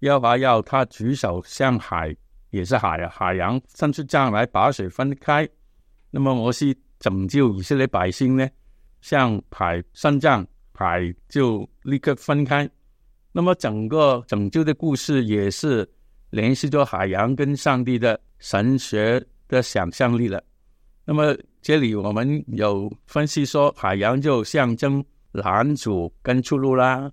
要話要他舉手向海，也是海海洋伸出掌來把水分開，那麼摩西拯救以色列百姓呢？向海伸掌，海就立刻分開。那麼整個拯救的故事也是聯繫着海洋跟上帝的神學的想象力了。那麼這裏我們有分析說，海洋就象徵攔阻跟出路啦。